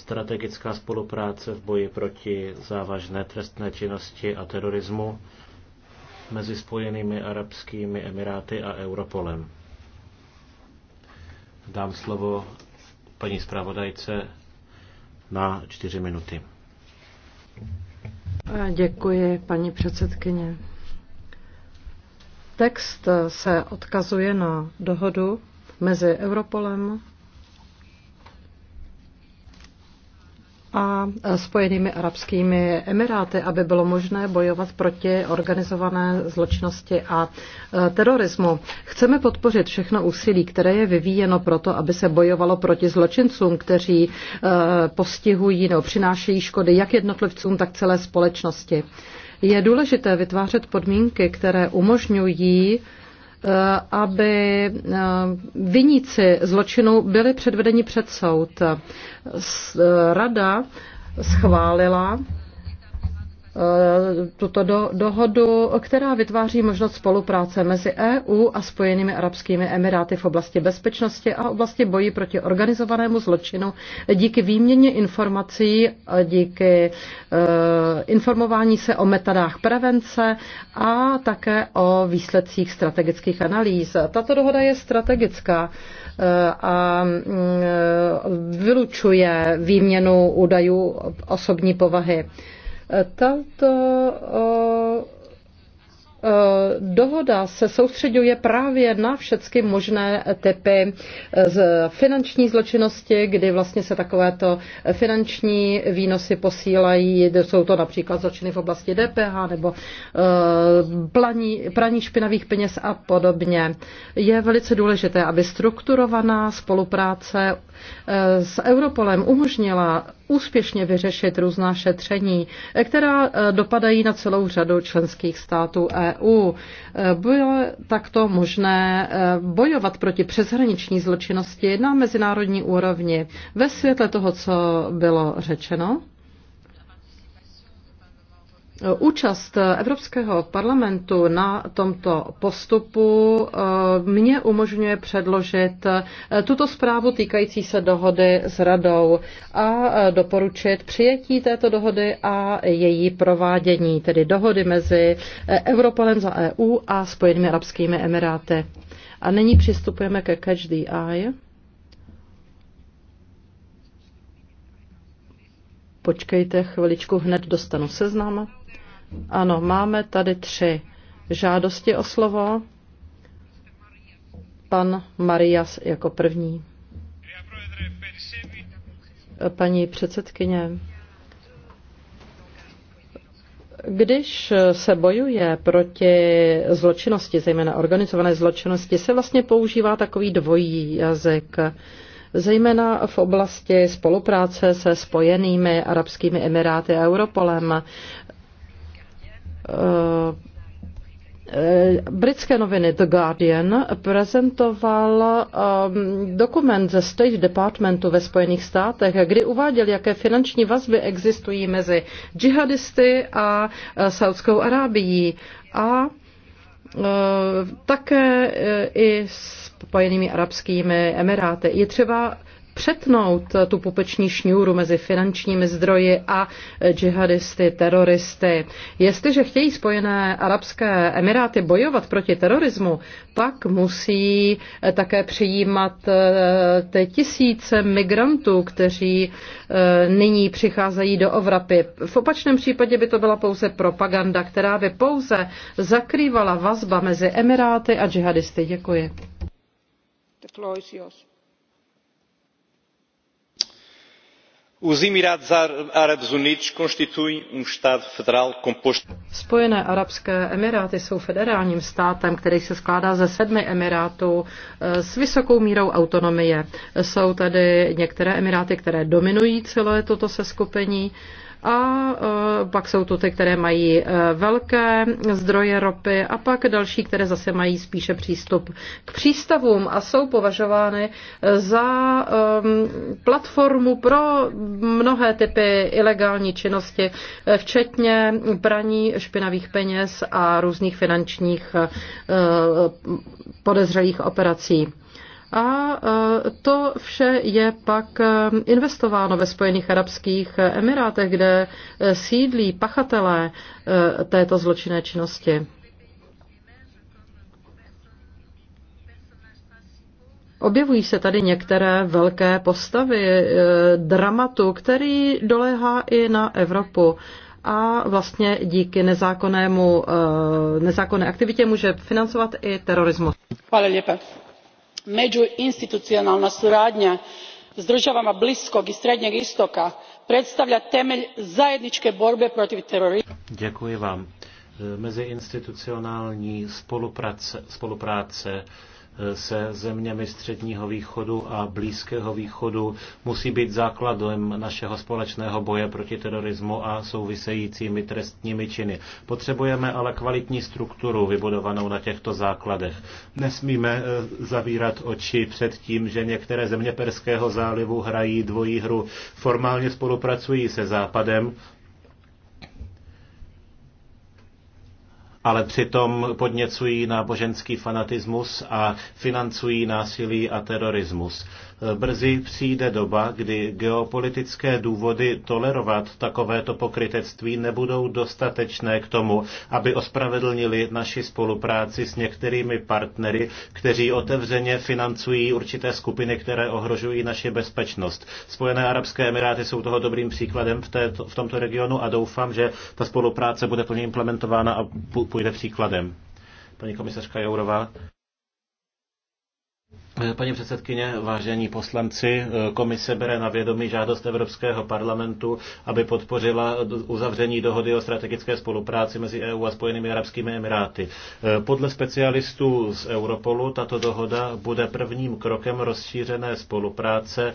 strategická spolupráce v boji proti závažné trestné činnosti a terorismu mezi Spojenými Arabskými Emiráty a Europolem. Dám slovo paní zpravodajce na čtyři minuty. Děkuji, paní předsedkyně. Text se odkazuje na dohodu mezi Europolem a Spojenými arabskými emiráty, aby bylo možné bojovat proti organizované zločinnosti a e, terorismu. Chceme podpořit všechno úsilí, které je vyvíjeno proto, aby se bojovalo proti zločincům, kteří e, postihují nebo přinášejí škody jak jednotlivcům, tak celé společnosti. Je důležité vytvářet podmínky, které umožňují Eh, aby eh, viníci zločinu byli předvedeni před soud. Eh, rada schválila Eh, tuto do, dohodu, která vytváří možnost spolupráce mezi EU a Spojenými arabskými emiráty v oblasti bezpečnosti a oblasti boji proti organizovanému zločinu díky výměně informací, eh, díky eh, informování se o metodách prevence a také o výsledcích strategických analýz. Tato dohoda je strategická a mm, vylučuje výměnu údajů osobní povahy. Tato Eh, dohoda se soustředuje právě na všechny možné typy eh, z finanční zločinnosti, kdy vlastně se takovéto finanční výnosy posílají. Jsou to například zločiny v oblasti DPH nebo eh, plání, praní špinavých peněz a podobně. Je velice důležité, aby strukturovaná spolupráce s Europolem umožnila úspěšně vyřešit různá šetření, která dopadají na celou řadu členských států EU. EU. Bylo takto možné e, bojovat proti přeshraniční zločinnosti na mezinárodní úrovni ve světle toho, co bylo řečeno. Účast Evropského parlamentu na tomto postupu eh, mě umožňuje předložit eh, tuto zprávu týkající se dohody s radou a eh, doporučit přijetí této dohody a její provádění, tedy dohody mezi Europolem za EU a Spojenými arabskými emiráty. A nyní přistupujeme ke Catch the Eye. Počkejte chviličku, hned dostanu seznam. Ano, máme tady tři žádosti o slovo. Pan Marias jako první. Paní předsedkyně, když se bojuje proti zločinnosti, zejména organizované zločinnosti, se vlastně používá takový dvojí jazyk, zejména v oblasti spolupráce se spojenými Arabskými Emiráty a Europolem. Eh, eh, britské noviny The Guardian prezentoval um, dokument ze State Departmentu ve Spojených státech, kdy uváděl, jaké finanční vazby existují mezi džihadisty a uh, Saudskou Arábií a uh, také uh, i Spojenými arabskými emiráty. Je třeba přetnout tu pupeční šňůru mezi finančními zdroji a džihadisty, teroristy. Jestliže chtějí Spojené Arabské Emiráty bojovat proti terorismu, pak musí eh, také přijímat eh, ty tisíce migrantů, kteří eh, nyní přicházejí do Evropy. V opačném případě by to byla pouze propaganda, která by pouze zakrývala vazba mezi Emiráty a džihadisty. Děkuji. The floor is yours. Os Emirados Árabes Unidos constituem um Estado federal composto. Spojené arabské emiráty jsou federálním státem, který se skládá ze sedmi emirátů eh, s vysokou mírou autonomie. Jsou tady některé emiráty, které dominují celé toto seskupení a e, pak jsou to ty, které mají e, velké zdroje ropy a pak další, které zase mají spíše přístup k přístavům a jsou považovány e, za platformu pro mnohé typy ilegální činnosti, včetně praní špinavých peněz a různých finančních podezřelých operací. A e, to vše je pak e, investováno ve Spojených Arabských Emirátech, kde e, sídlí pachatelé této zločinné činnosti. Objevují se tady některé velké postavy dramatu, který doléhá i na Evropu a vlastně díky nezákonnému, nezákonné aktivitě může financovat i terorismus. Hvala međuinstitucionalna suradnja s državama bliskog i srednjeg istoka predstavlja temelj zajedničke borbe protiv terorizma se zeměmi Středního východu a Blízkého východu musí být základem našeho společného boje proti terorismu a souvisejícími trestními činy. Potřebujeme ale kvalitní strukturu vybudovanou na těchto základech. Nesmíme eh, zavírat oči před tím, že některé země Perského zálivu hrají dvojí hru. Formálně spolupracují se Západem, ale přitom podněcují náboženský fanatismus a financují násilí a terorismus. Brzy přijde doba, kdy geopolitické důvody tolerovat takovéto pokrytectví nebudou dostatečné k tomu, aby ospravedlnili naši spolupráci s některými partnery, kteří otevřeně financují určité skupiny, které ohrožují naši bezpečnost. Spojené Arabské Emiráty jsou toho dobrým příkladem v, této, v tomto regionu a doufám, že ta spolupráce bude plně implementována a půjde příkladem. Paní komisařka Jourová. Eh, paní předsedkyně, vážení poslanci, eh, komise bere na vědomí žádost Evropského parlamentu, aby podpořila uzavření dohody o strategické spolupráci mezi EU a Spojenými arabskými emiráty. Eh, podle specialistů z Europolu tato dohoda bude prvním krokem rozšířené spolupráce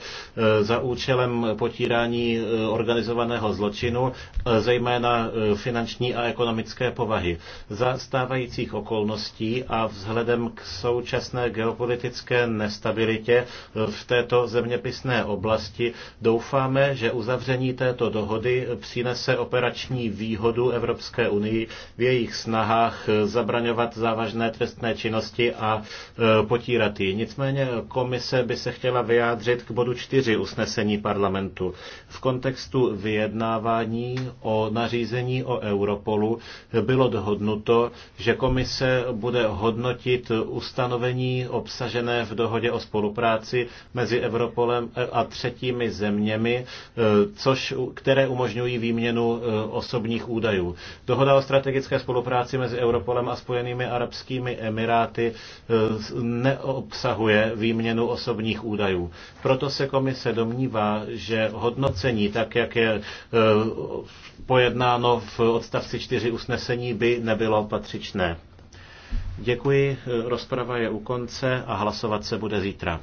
za účelem potírání organizovaného zločinu, zejména finanční a ekonomické povahy. Za stávajících okolností a vzhledem k současné geopolitické nestabilitě v této zeměpisné oblasti. Doufáme, že uzavření této dohody přinese operační výhodu Evropské unii v jejich snahách zabraňovat závažné trestné činnosti a e, potírat ji. Nicméně komise by se chtěla vyjádřit k bodu 4 usnesení parlamentu. V kontextu vyjednávání o nařízení o Europolu bylo dohodnuto, že komise bude hodnotit ustanovení obsažené v dohodě dohodě o spolupráci mezi Europolem eh, a třetími zeměmi, eh, což, které umožňují výměnu eh, osobních údajů. Dohoda o strategické spolupráci mezi Europolem a Spojenými arabskými emiráty neobsahuje výměnu osobních údajů. Proto se komise domnívá, že hodnocení, tak jak je pojednáno v odstavci 4 usnesení, by nebylo patřičné. Děkuji, rozprava je u konce a hlasovat se bude zítra.